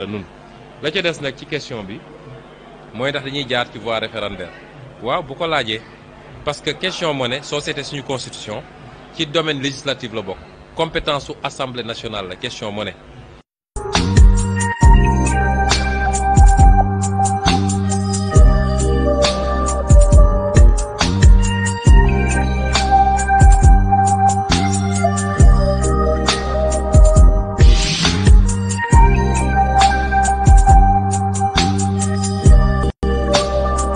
Euh, nun la ca des nag ci question bi mooy ndax dañuy jaar ci voie référendaire waaw bu ko laajee parce que question moo ne soo seetee suñu constitution ci domaine législatif la bokk compétence su assemblée nationale la question moo ne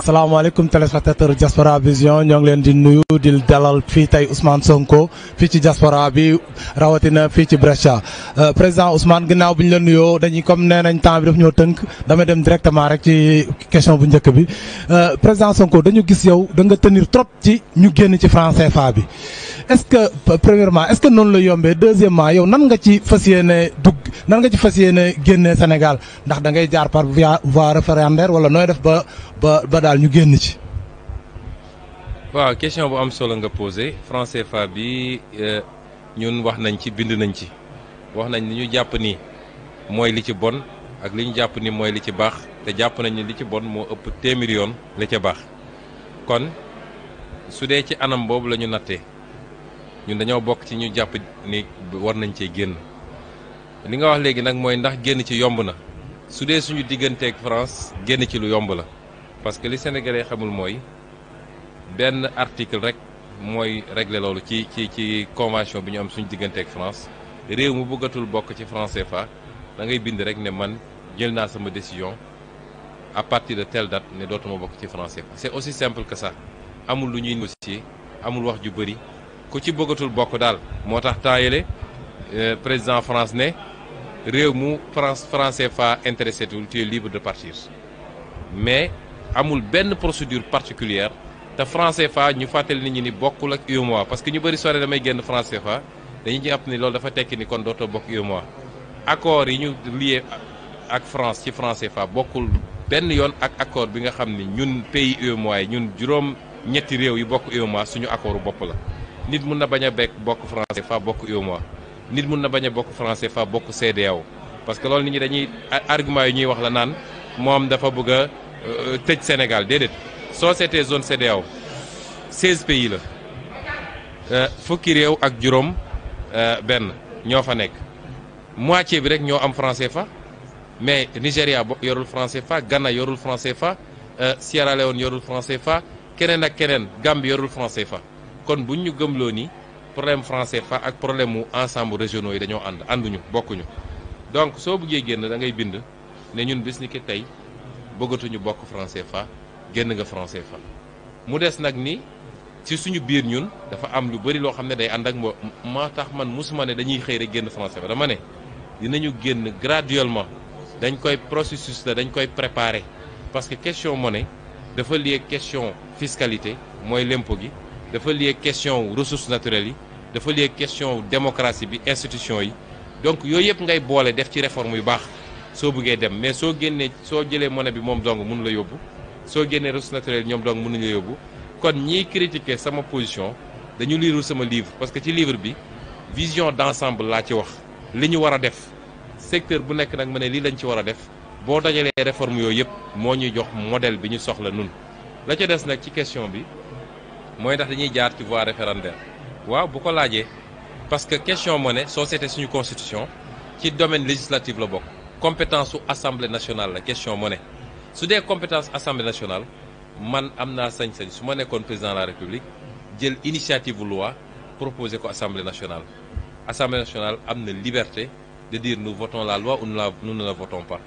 salaamaaleykum téléspectateur Diaspora Vision ñoo ngi leen di nuyu di dalal fii tey Ousmane Sonko fii ci Diaspora bi rawatina fii ci Brescia euh, président Ousmane ginnaaw bi ñu la nuyoo dañuy comme nee nañ temps bi daf ñoo tënk damay dem directement rek ci question bu njëkk bi euh, président Sonko dañu gis yow da nga tenir trop ci ñu génn ci franc CFA bi. est-ce que euh, premièrement est-ce que noonu la yombee deuxièmement yow nan nga ci fas yéene dugg nan nga ci fas yéene génnee Sénégal ndax dangay jaar par via voie référendaire wala nooy def ba ba daal ñu génn ci. waaw question bu am solo nga posé franc CFA bi euh, ñun wax nañ ci bind nañ ci wax nañ li ñu jàpp ni mooy li ci bon ak li ñu jàpp ni mooy li ci baax te jàpp nañ ni li ci bon moo ëpp téeméeri yoon li ca baax kon su dee ci anam boobu la ñu nattee. ñun dañoo bokk ci ñu jàpp ni war nañ cee génn li nga wax léegi nag mooy ndax génn ci yomb na su dee suñu digganteeg France génn ci lu yomb la parce que li sénégalais xamul mooy benn article rek mooy régler loolu ci ci ci convention bi ñu am suñu digganteeg France réew mu bëggatul bokk ci franc CFA da ngay bind rek ne man jël naa sama décision à partir de telle date ne dootuma bokk ci franc CFA c'est aussi simple que ça amul lu ñuy négocier amul wax ju bëri ku ci bëggatul bokk daal moo tax temps yële euh, président France ne réew mu France français fa intéressé tul tu es libre de partir mais amul benn procédure particulière te français fa ñu fàttali nit ñi ni bokkul ak UEMOA parce que ñu bari sore damay génn français fa dañu jàpp ni loolu dafa tekki ni kon dootoo bokk UEMOA accord yi ñu lié ak France ci français fa bokkul benn yoon ak accord bi nga xam ni ñun pays UEMOA yi ñun juróom ñetti réew yu bokk UEMOA suñu accordu bopp la nit mun na bañ a bekk bokk franc CFA bokk UEMOA nit mun na bañ a bokk franc CFA bokk CEDEAO parce que loolu nit ñi dañuy argument yi ñuy wax la naan moom dafa bëgg a euh, tëj Sénégal déedéet soo seetee zone CEDEAO 16 pays la euh, fukki réew ak juróom euh, benn ñoo fa nekk moitié bi rek ñoo am franc fa mais Nigéria bo yorul franc CFA Ghana yorul franc fa Sierra woon yorul franc fa keneen ak keneen Gambie yorul franc fa kon buñ ñu gëmloo ni problème francais fa ak problème mu ensemble régionaux yi dañoo ànd ànduñu bokkuñu donc soo buggee génn da ngay bind ne ñun bis ni ki tey bëggatuñu bokk francais fa génn nga français fa mu des nag ni ci suñu biir ñun dafa am lu bëri loo xam ne day ànd ak moo maa tax man mosuma ne dañuy xëy génn français fa dama ne dinañu génn graduellement dañ koy processus la dañ koy préparer parce que question monnaie dafa lié question fiscalité mooy lempo gi dafa lié question ressources naturelles yi dafa lié question démocratie bi institution yi donc yooyu yëpp ngay boole def ci réforme yu baax soo bëggee dem mais soo génnee soo jëlee mone bi moom dong mënu la yóbbu soo génnee ressources naturelles ñoom dong mënu la yóbbu kon ñiy critiquer sama position dañu liiru sama livre parce que ci livre bi vision d'ensemble laa ci wax li ñu war a def secteur bu nekk nag ma ne lii lañ ci war a def boo dajalee réforme yooyu yëpp moo ñuy jox modèle bi ñu soxla nun la ca des nag ci question bi mooy ndax dañuy jaar ci voie référendaire waaw bu ko laajee parce que question monnaie soo seetee suñu constitution ci domaine législatif la bokk compétence su assemblée nationale la question monnaie su dee compétence assemblée nationale man am naa sañ-sañ su ma nekkoon président la république jël initiative loi proposé ko assemblée nationale. assemblée nationale am na liberté de dire nous votons la loi ou la nous ne la votons pas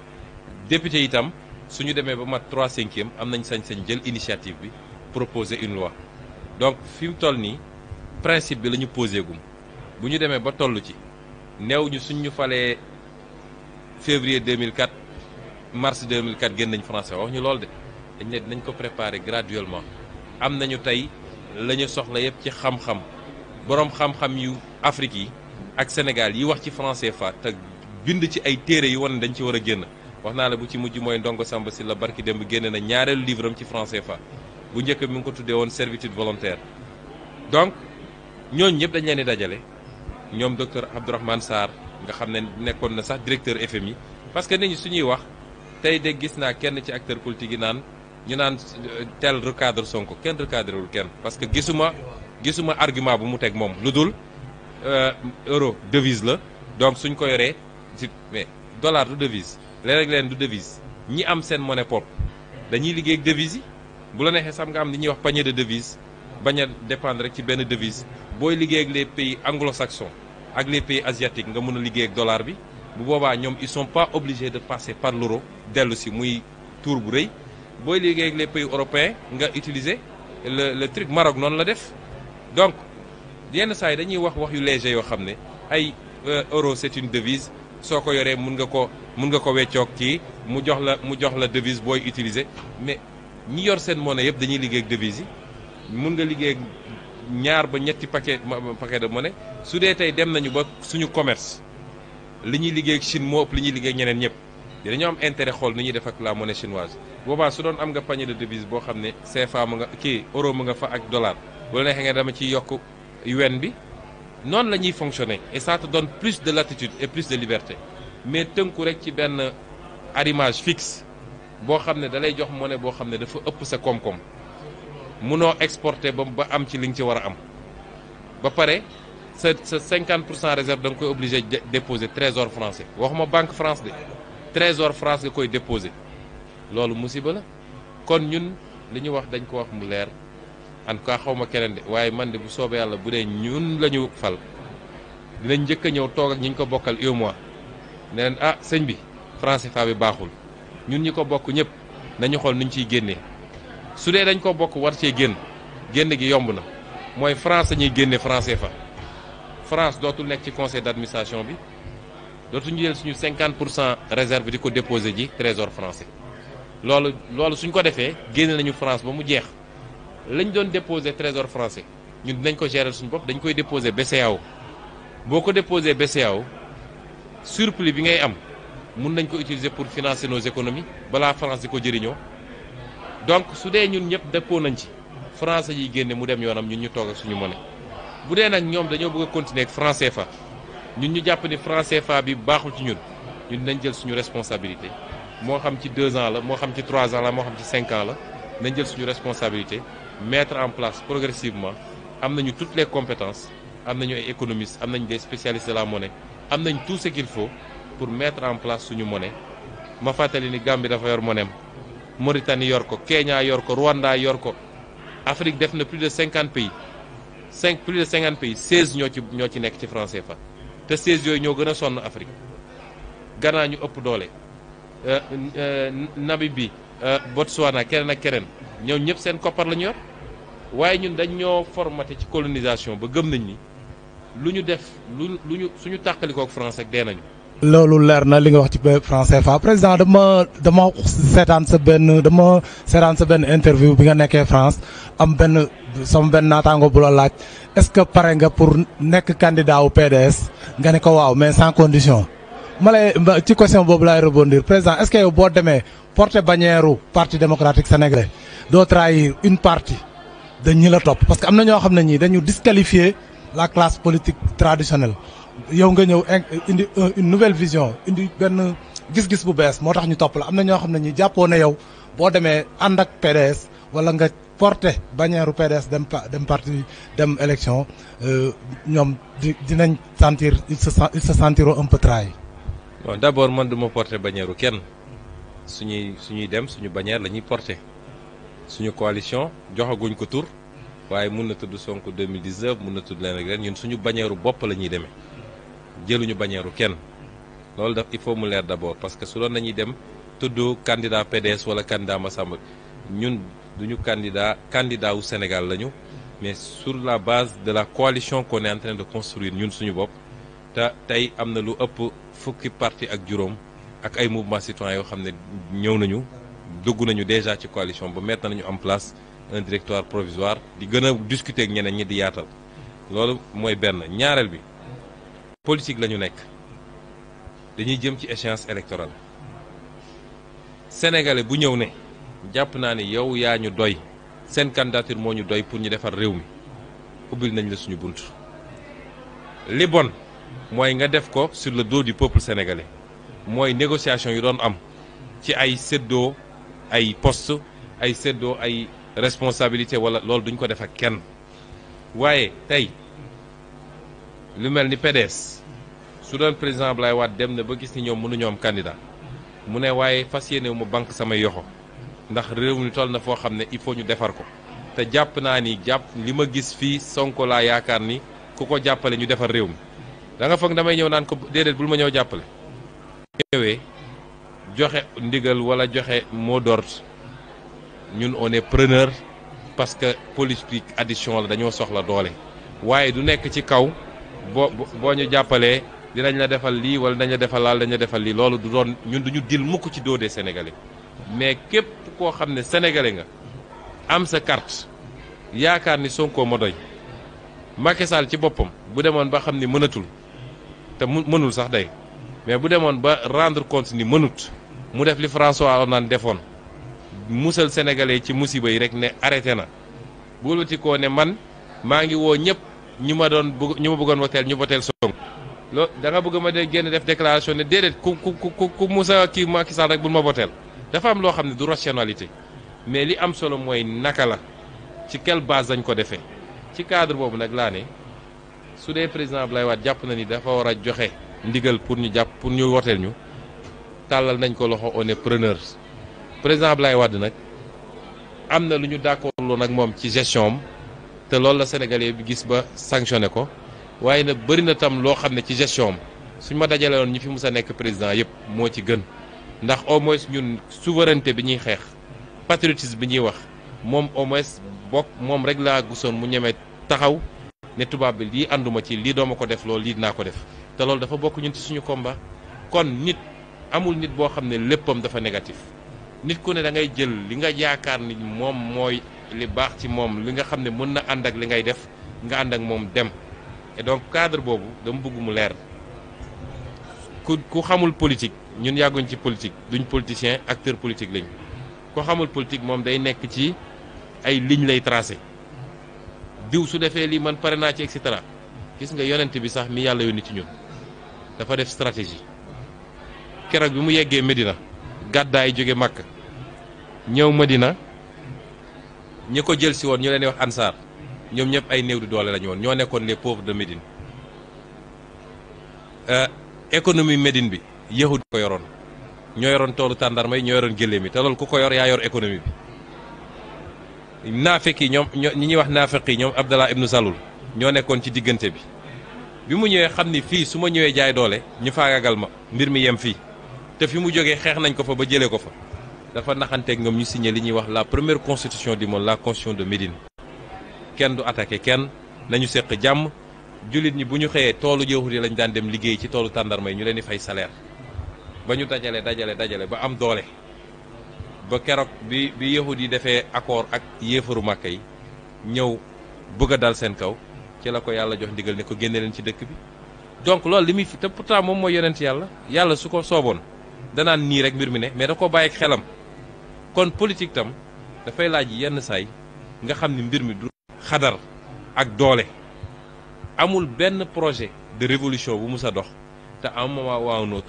député itam su ñu demee ba mat trois cinquième am nañ sañ-sañ jël initiative bi proposer une loi. donc fi mu toll nii principe bi la ñu posé gum bu ñu demee ba toll ci néew ñu suñ ñu falee février 2004 mars 2004 génn nañ français wax ñu loolu de dañ ne dinañ ko préparer graduellement am nañu tey la ñu soxla yëpp ci xam-xam boroom xam-xam yu Afrique yi ak Sénégal yi wax ci français fa te bind ci ay téere yu wane dañ ci war a génn wax naa la bu ci mujj mooy ndongo Samba si la barki dem génne na ñaareelu livre ci français fa bu njëkk bi mu ngi ko tuddee woon servitude volontaire donc ñooñu ñëpp dañ leen di dajale ñoom docteur Abdourahmane Sarr nga xam ne nekkoon na sax directeur FMI parce que nit ñi suñuy wax tey de gis naa kenn ci acteur politique yi naan ñu naan euh, tel recadre sonk kenn recadré wul kenn parce que gisuma gisuma argument bu mu teg moom lu dul euh, euro devise la donc suñ ko yoree ci mais dollar du devise léeg leen du devise ñi am seen monnaie propre dañuy liggéey ak bu la neexee sam nga am li ñuy wax panier de devise bañ a rek ci benn devise booy liggéey ak les pays anglo-saxons ak les pays asiatiques nga mën a liggéey ak dollar bi bu boobaa ñoom ison sont pas obligés de passer par l'euro dellu si muy tour bu rëy booy liggéey ak les pays européens nga utiliser le le truc Maroc noonu la def donc yenn saa dañuy wax wax yu léger yoo xam ne ay euh, euro c'est une devise soo ko yoree mun nga ko mun nga ko weccoog kii mu jox la mu jox la devise booy utiliser mais ñi yor seen monnaie yëpp dañuy liggéey ak devises yi mun nga liggéey ak ñaar ba ñetti paquet paquet de monnaie su dee tey dem nañu ba suñu commerce li ñuy liggéey ak Chine moo ëpp li ñuy liggéey ak ñeneen ñëpp dinañu am intérêt xool ni ñuy def ak la monnaie chinoise boobaa su doon am nga panier de devise boo xam ne CFA mu nga kii euro nga fa ak dollar wala neexee nga dama ci yokk yuan bi noonu la ñuy fonctionner et ça te plus de latitude et plus de liberté mais tënku rek ci benn arrimage fixe boo xam ne dalay jox ne boo xam ne dafa ëpp sa koom-koom munoo exporter ba ba am ci li nga ci war a am ba pare sa sa 50 pour cent réserve da nga koy obligé déposer trésor français waxuma banque France de trésor France nga koy déposé loolu musiba la kon ñun li ñu wax dañ ko wax mu leer en xawma keneen de waaye man bu soobee yàlla bu dee ñun la ñu fal dinañ njëkk ñëw toog ak ñi ñu ko bokkal mois ne leen ah sëñ bi français fa bi baaxul. ñun ñi ko bokk ñëpp nañu xool nuñ ciy génnee su dee dañ ko bokk war cee génn génn gi yomb na mooy France dañuy génne français fa France dootul nekk ci conseil d'administration bi dootuñu jël suñu 50 pour cent réserve di ko déposé ji trésor français loolu loolu suñ ko defee génne nañu France ba mu jeex lañ doon déposé trésor français ñun dinañ ko gérer suñu bopp dañu koy déposé BCEAO boo ko déposé BCEAO surplus bi ngay am mun nañ ko utiliser pour financer nos économies balaa France di ko jëriñoo donc su dee ñun ñëpp dëppoo nañ ci français yi génne mu dem yoonam ñun ñu toog ak suñu monnaie bu dee nag ñoom dañoo bëgg a continuer fa ñun ñu jàpp ni franc fa bi baaxul ci ñun ñun nañ jël suñu responsabilité moo xam ci deux ans la moo xam ci trois ans la moo xam ci cinq la nañ jël suñu responsabilité mettre en place progressivement am nañu toutes les compétences am nañu ay économistes am nañu des spécialistes la monnaie am nañ tout ce faut pour mettre en place suñu monnaie ma fàttali ni Gambie dafa yor monnaie Mauritanie yor ko Kenya yor ko Rwanda yor ko Afrique def na plus de cinquante pays cinq plus de cinquante pays seize ñoo ci ñoo ci nekk ci franc fa te seize yooyu ñoo gën a sonn Afrique Ghana ñu ëpp doole euh, euh, Namibie euh, Botswana keneen ak keneen ñëw ñëpp seen koppar la yor waaye ñun dañ ñoo formaté ci colonisation ba gëm nañ ni lu ñu def lu lu ñu suñu tàqalikook France ak dee nañu loolu leer na li nga wax ci franc CFA président dama dama seetaan sa benn dama seetaan sa benn interview bi nga nekkee France am benn sama benn naataango bu la laaj est-ce que pare nga pour nekk candidat wu PDS nga ne ko waaw mais sans condition. ma ci question boobu laay rebondir président est-ce boo demee porte bannière u parti démocratique sénégalais doo trahir une parti de ñi la topp parce que am na ñoo xam ne ñii dañu disqualifier la classe politique traditionnelle. yow nga ñëw indi euh, nouvelle vision indi benn gis-gis bu bees moo tax ñu topp la am na ñoo xam ne ñuy jàppoo na yow boo demee ànd ak PDS wala nga porté bannière PDS dem dem parti dem élection euh, ñoom di dinañ sentir ils se ils se sentiront un peu trahi. d' abord man du ma porté bannière kenn suñuy suñuy dem suñu bannière la ñuy porté suñu coalition joxaguñ ko tur waaye mun na tudd Sonko 2019 mun na tudd leneen ak leen ñun suñu bañeeru bopp la ñuy demee. jëluñu bañeeru kenn loolu daf il faut mu leer d'abord parce que su doon nañuy dem tudd candidat PDS wala candidat Massamba ñun duñu candidat candidat wu Sénégal lañu mais sur la base de la coalition qu'on de construire ñun suñu bopp te tey am na lu ëpp fukki parti ak juróom ak ay mouvement citoyen yoo xam ne ñëw nañu dugg nañu déjà ci coalition bu ba mettre ñu en place un directoire provisoire di gën a discuter ak ñeneen ñi di yaatal loolu mooy benn ñaareel bi politique la ñu nekk dañuy jëm ci essiance électorale sénégalais bu ñëw ne jàpp naa ne yow yaa ñu doy seen candidature moo ñu doy pour ñu defar réew mi ubbil nañ la suñu bunt li bon mooy nga def ko sur le dos du peuple sénégalais mooy négociation yu doon am ci ay séddoo ay post ay séddoo ay responsabilité wala loolu duñ ko def kenn waaye tey lu mel ni PDS su doon président lay waat dem na ba gis ni ñoom mënuñoo am candidat mu ne waaye fas yéene mu banque samay yoxo ndax réew mi toll na foo xam ne il faut ñu defar ko te jàpp naa ni jàpp li ma gis fii Sonko laa yaakaar ni ku ko jàppale ñu defar réew mi da nga foog damay ñëw naan ko déedéet bul ma ñëw jàppale ñëwee joxe ndigal wala joxe mot d'ordre ñun on est preneur parce que politique addition la dañoo soxla doole waaye du nekk ci kaw boo boo ñu jàppalee dinañ la defal lii wala dañ la defal laal dañ la defal lii loolu du doon ñun duñu dil mukk ci doodee sénégalais mais képp koo xam ne sénégalais nga am sa carte yaakaar ni Sonko ma doy Macky ci boppam bu demoon ba xam ni mënatul te mu mënul sax day mais bu demoon ba rendre compte ni mënut mu def li François naan defoon musal sénégalais ci musiba yi rek ne arrêté na bu wëlbatikoo ne man maa ngi woo ñëpp. ñu ma doon bëgg ñu ma bëggoon woteel ñu woteel Sonko loolu da nga bëgg ma de génn def déclaration ne déedéet ku ku ku ku Moussa kii Macky Sall rek bul ma woteel dafa am loo xam ne du rationalité mais li am solo mooy naka la ci quelle base dañ ko defee ci cadre boobu nag laa ne su dee président Abdoulaye Wade jàpp na ni dafa war a joxe ndigal pour ñu jàpp pour ñu woteel ñu tàllal nañ ko loxo on est preneur président Abdoulaye Wade nag am na lu ñu d'accord loon nag moom ci gestion am te loolu la sénégalais bi gis ba sanctionné ko waaye nag bari na tam loo xam ne ci gestion am suñ ma dajale woon ñi fi mus a nekk président yëpp moo ci gën ndax au moins ñun souveraineté bi ñuy xeex patriotisme bi ñuy wax moom au moins bokk moom rek laa gisoon mu ñemee taxaw ne tubaab bi lii ànduma ci lii dooma ko def loolu lii naa ko def te loolu dafa bokk ñun ci suñu komba kon nit amul nit boo xam ne léppam dafa négatif nit ku ne da jël li nga yaakaar moom mooy li baax ci moom li nga xam ne mën na ànd ak li ngay def nga ànd ak moom dem et donc cadre boobu dama bëgg mu leer ku ku xamul politique ñun yàgguñ ci politique duñ politicien acteur politique lañ ku xamul politique moom day nekk ci ay liñ lay tracé diw su defee lii man pare naa ci et cetera gis nga yonent bi sax mi yàlla yónni ci ñun dafa def stratégie keroog bi mu yeggee Medina gàddaay jóge Màkk ñëw Medina. ñi ko jël si woon ñu leen di wax ansaar ñoom ñëpp ay néew di doole la woon ñoo nekkoon les pauvres de Médine euh, économie Médine bi yahud ko yoroon ñoo yoroon toolu tàndarma yi ñoo yoroon gëléem yi te loolu ku ko yor yaa yor économie bi naafeq yi ñoom ñi ñuy wax naafeq yi ñoom Abdallah ibnu Salul ñoo nekkoon ci diggante bi bi mu ñëwee xam ni fii su ma ñëwee jaay doole ñu faagagal ma mbir mi yem fii te fi mu jógee xeex nañ ko fa ba jëlee ko fa dafa naxanteeg ñoom ñu signé li ñuy wax la première constitution du monde la constitution de Médine kenn du attaqué kenn nañu seq jàmm jullit ñi bu ñu xëyee toolu yi lañ daan dem liggéey ci toolu tàndarma yi ñu leen di fay saleer ba ñu dajale dajale dajale ba am doole ba keroog bi bi yahud yi defee accord ak yéefaru màkk yi ñëw bëgg a dal seen kaw ci la ko yàlla jox ndigal ne ko génne leen ci dëkk bi donc loolu li muy fi moom mooy yonent yàlla yàlla su ko sooboon danaan nii rek mbir mi ne mais da ko bàyyi xelam kon politique tam dafay laaj yenn saay nga xam ni mbir mi du xadar ak doole amul benn projet de révolution bu musa dox te à un moment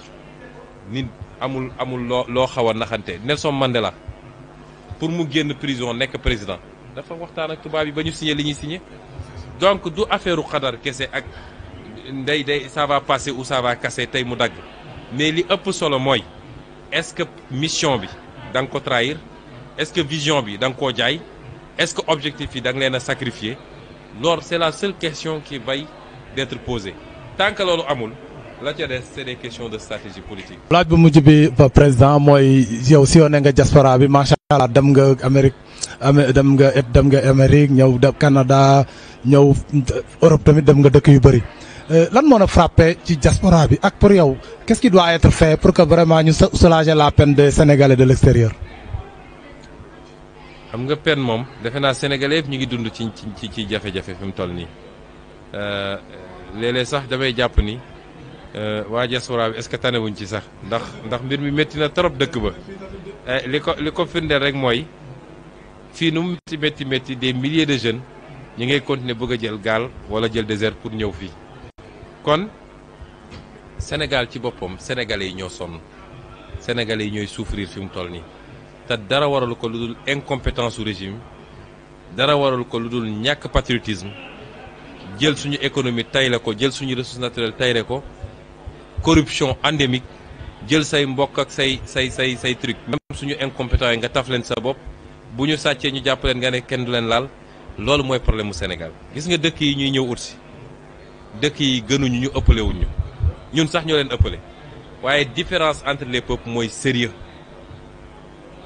nit amul amul loo loo xaw a naxante Nelson Mandela pour mu génn prison nekk président dafa waxtaan ak tubaab yi ba ñu siñee li ñuy signé donc du affaire xadar kese ak ndey day ça va passer ou ça va tey mu dagg mais li ëpp solo mooy est-ce que mission bi da nga ko trahir est que vision bi danga nga koo jaay est-ce que objectif yi danga leen a sacrifier loolu c'est la seule question qui bay d'être posée tant que loolu amul la ca des c'est des questions de stratégie politique. laaj bu mujj bi euh, président mooy yow sillonné nga diaspora bi macha allah dem nga Amérique dem nga dem nga Amérique ñëw Canada ñëw euh, Europe tamit dem nga dëkk yu bëri. Euh, lan moo a frappé ci diaspora bi ak pour yow qu'est-ce qui doit être pour que vraiment ñu soulager la peine des Sénégalais de l'extérieur. xam nga pen moom defe naa sénégalais yëpp ñu ngi dund ci ci ci jafe-jafe fi mu toll nii euh, léeg-léeg sax damay jàpp ni euh, waa diaspora bi est-ce que tanewuñ ci sax ndax ndax mbir mi métti na trop dëkk ba eh, li ko li ko firndeel rek mooy fii nu mu metti métti métti des milliers de jeunes ñu ngay continuer bëgg a jël gaal wala jël désert pour ñëw fii. kon Sénégal ci boppam sénégalais yi ñoo sonn sénégalais yi ñooy souffrir fi mu toll nii te dara waralu ko lu incompétence su régime dara waralu ko lu dul ñàkk patriotisme jël suñu économie tay la ko jël suñu ressource naturelle tay la ko corruption endémique jël say mbokk ak say say say say truc même suñu incompétents yi nga taf leen sa bopp bu ñu sàccee ñu jàpp leen nga ne kenn du leen laal loolu mooy problème mu Sénégal gis nga dëkk yi ñuy ñëw ut si dëkk yi gënuñu ñu ëppale wuñu ñun sax ñoo leen ëppale waaye différence entre les peuples mooy sérieux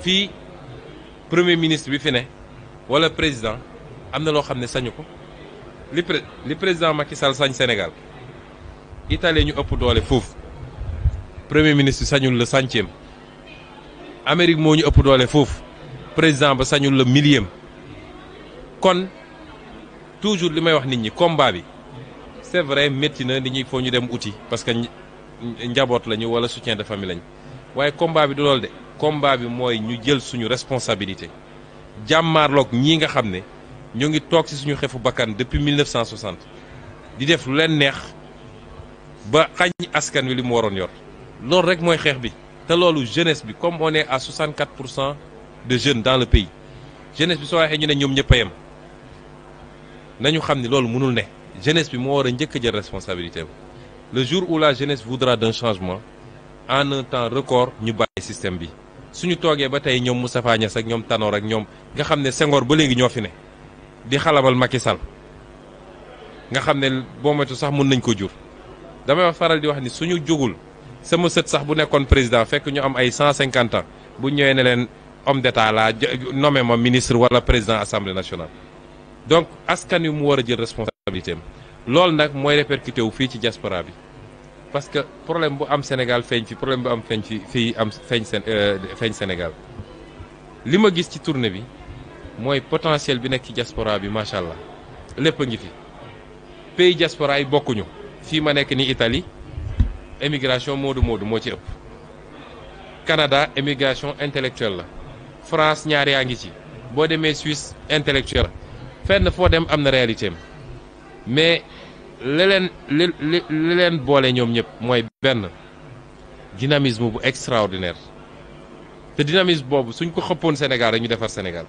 fii premier ministre bi fi ne wala président am na loo xam ne sañu ko li li président Macky Sall sañ Sénégal Italie ñu ëpp doole foofu premier ministre sañul la centième Amérique moo ñu ëpp doole foofu président ba sañul la milliem kon toujours li may wax nit ñi combat bi. c'est vrai métti na nit ñi foo ñu dem uti parce que njaboot lañu wala soutien de famille lañu waaye combat bi du loolu de combat bi mooy ñu jël suñu responsabilité jàmmaarloog ñii nga xam ne ñoo ngi toog ci suñu xefu bakkan depuis 1960 di def lu leen neex ba xañ askan wi li mu waroon yor loolu rek mooy xeex bi te loolu jeunesse bi comme on est à 64 pour cent de jeunes dans le pays jeunes bi soo waxee ñu ne ñoom ñëpp yem nañu xam ni loolu mënul ne. jeunesse bi moo war a njëkk jël responsabilité le jour où la jeunesse voudra d'un changement en un temps record ñu bàyyi système bi suñu toogee ba tey ñoom Moustapha Niasse ak ñoom Tanor ak ñoom nga xam ne Senghor ba léegi ñoo fi ne di xalamal Macky Sall nga xam ne boo moytu sax mën nañ ko jur damay wax faral di wax ni suñu jógul sama sët sax bu nekkoon président fekk ñu am ay cent cinquante ans bu ñëwee ne leen homme d'état laa nommé ma ministre wala président assemblée nationale donc askan wi loolu nag mooy répercuté wu fii ci diaspora bi parce que problème bu am Sénégal feeñ fi problème bu am feeñ fi fii am feeñ euh, feeñ Sénégal li ma gis ci tournée bi mooy potentiel bi nekk ci diaspora bi macha allah lépp a ngi fi pays diaspora yi bokkuñu fii ma nekk ni itali émigration moodu moodu moo ci ëpp kanada émigration intellectuelle la France ñaar yaa ngi ci boo demee Suisse intellectuelle la fenn foo dem am na réalité mais li leen li li leen boole ñoom ñëpp mooy benn dynamisme bu extraordinaire te dynamisme boobu suñ ko xëppoon Sénégal rek ñu defar Sénégal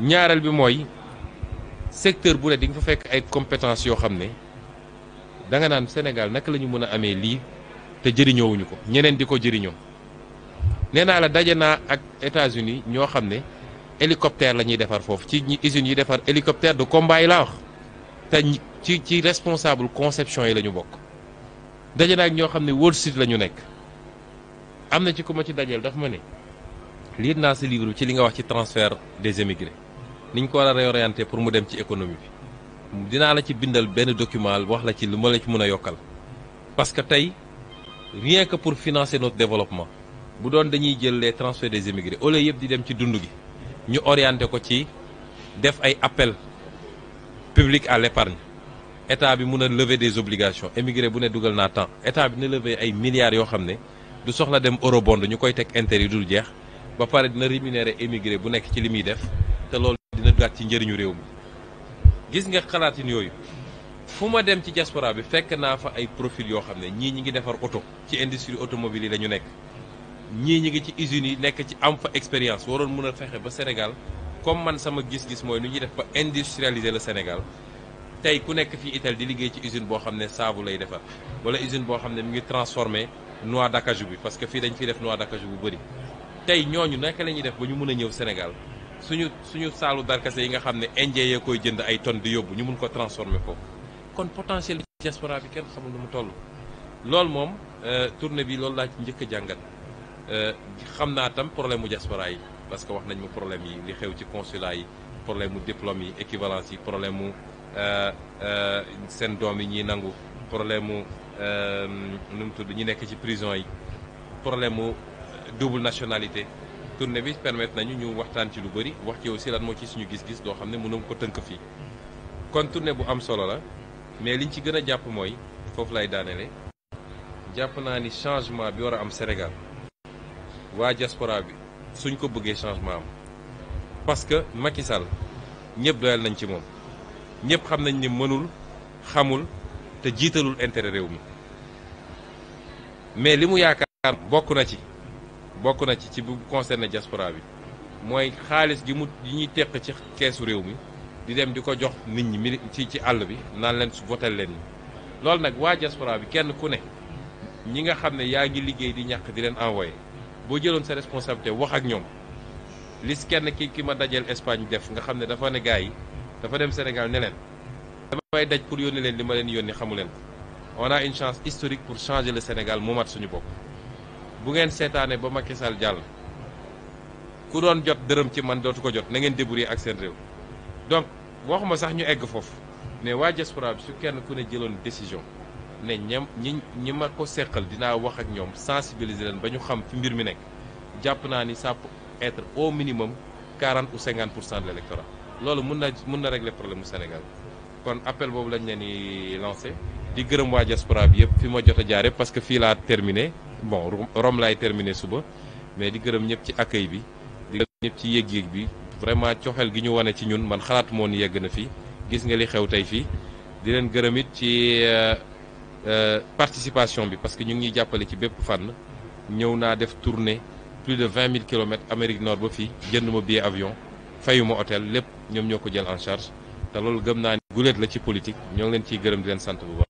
ñaareel bi mooy secteur bu ne di nga fa fekk ay compétences yoo xam ne da nga naan Sénégal naka la ñu mën a amee lii te jëriñoowuñu ko ñeneen di ko jëriñoo nee naa la daje naa ak États-Unis ñoo xam ne hélicoptère la ñuy defar foofu ci usines yi defar hélicoptère de combat yi laa wax te ci ci responsable conception yi la ñu bokk daje naa ñoo xam ne Wall Street la ñu nekk am na ci ku ma ci dajeel dafa ma ne liir naa si livre bi ci li nga wax ci transfert des émigrés niñ ko war a réorienter pour mu dem ci économie bi dinaa la ci bindal benn document wax la ci lu ma la ci mën a yokkal parce que tey rien que pour financer notre développement bu doon dañuy jëlee les des émigrés au lieu di dem ci dund gi ñu orienté ko ci def ay appel publique à l'épargne état bi mun a lever des obligations émigré bu ne dugal naa temps état bi ne lever ay milliards yoo xam ne du soxla dem eurobond ñu koy teg intérêt dul jeex ba pare dina rémunérer émigré bu nekk ci li muy def te lool dina dugaat ci njëriñu réew mi gis nga xalaatin yooyu fu ma dem ci diaspora bi fekk naa fa ay profil yoo xam ne ñii ñi ngi defar oto ci industrie automobile yi la ñu nekk ñii ñi ngi ci usines yi nekk ci am fa expérience waroon mun a fexe ba Sénégal comme man sama gis-gis mooy nu ñuy def ba industrialiser la Sénégal tey ku nekk fii Italie di liggéey ci usine boo xam ne saabu lay defar wala usine boo xam ne mu ngi transformer noix d'acajou bi parce que fii dañ fiy def noix d'acajou bu bari tey ñooñu naka la ñuy def ba ñu mën a ñëw Sénégal suñu suñu saalu darkase yi nga xam ne indien yee koy jënd ay tonnes di yóbbu ñu mun ko transformer foofu kon potentiel diaspora bi kenn xamul nu mu toll loolu moom euh, tournée bi loolu laa ci njëkk a jàngat euh, xam naa tam problème mu diaspora yi parce que wax nañ ma problème yi li xew ci consulat yi problème mu diplôme yi équivalence yi problème mu euh, euh, seen doom yi ñuy nangu problème mu euh, nu mu tudd ñi nekk ci prison yi problème mu double nationalité tournée bi permettre nañu ñu waxtaan ci lu bëri wax ci aussi lan moo ci suñu gis-gis doo xam ne mënoo ko tënk fii kon tournée bu am solo la mais liñ ci gën a jàpp mooy foofu lay daaneele jàpp naa ni changement bi war a am Sénégal waa diaspora bi suñ ko bëggee changement am parce que Macky Sall ñëpp doyal nañ ci moom ñëpp xam nañ ni mënul xamul te jiitalul intérêt réew mi mais li mu yaakaar bokk na ci bokk na ci ci bu concerné diaspora bi mooy xaalis gi mu yi ñuy teq ci keesu réew mi di dem di ko jox nit ñi ci ci àll bi naan leen su votel leen ñi loolu nag waa diaspora bi kenn ku ne ñi nga xam ne yaa ngi liggéey di ñàkk di leen envoyé boo jëloon sa responsabilité wax ak ñoom lis kenn ki ki ma dajeel Espagne def nga xam ne dafa ne gars yi dafa dem Sénégal ne leen damay daj pour yónni leen li ma leen yónni xamu leen ko on a une chance historique pour changer le Sénégal mat suñu bopp bu ngeen seetaane ba ma Sall jàll ku doon jot dërëm ci man dootu ko jot na ngeen débrouiller ak seen réew donc waxuma sax ñu egg foofu mais waa diaspora bi su kenn ku ne jëloon décision ne ñam ñi ñi ma ko seqal dinaa wax ak ñoom sensibiliser leen ba ñu xam fi mbir mi nekk jàpp naa ni sapp peut être au minimum quarante ou pour cent de l' électorat loolu mun na mun na problème mu Sénégal kon appel boobu lañ leen di lancé di gërëm waa diaspora bi yëpp fi ma jot a jaare parce que fii laa terminé bon Rome laay terminé suba mais di gërëm ñëpp ci accueil bi di gërëm ñëpp ci yéeg-yéeg bi vraiment coxel gi ñu wane ci ñun man xalaat moon yegg na fii gis nga li xew tey fii di leen gërëm it ci euh, Euh, participation bi parce que ñu ngi ñuy jàppale ci bépp fànn ñëw na def tournée plus de vingt mille kilomètres Amérique Nord ba fii jënd ma billet avion fayuma hôtel lépp ñoom ñoo ko jël en charge te loolu gëm naa ni guléet la ci politique ñoo ngi leen ciy gërëm di leen sant bu baax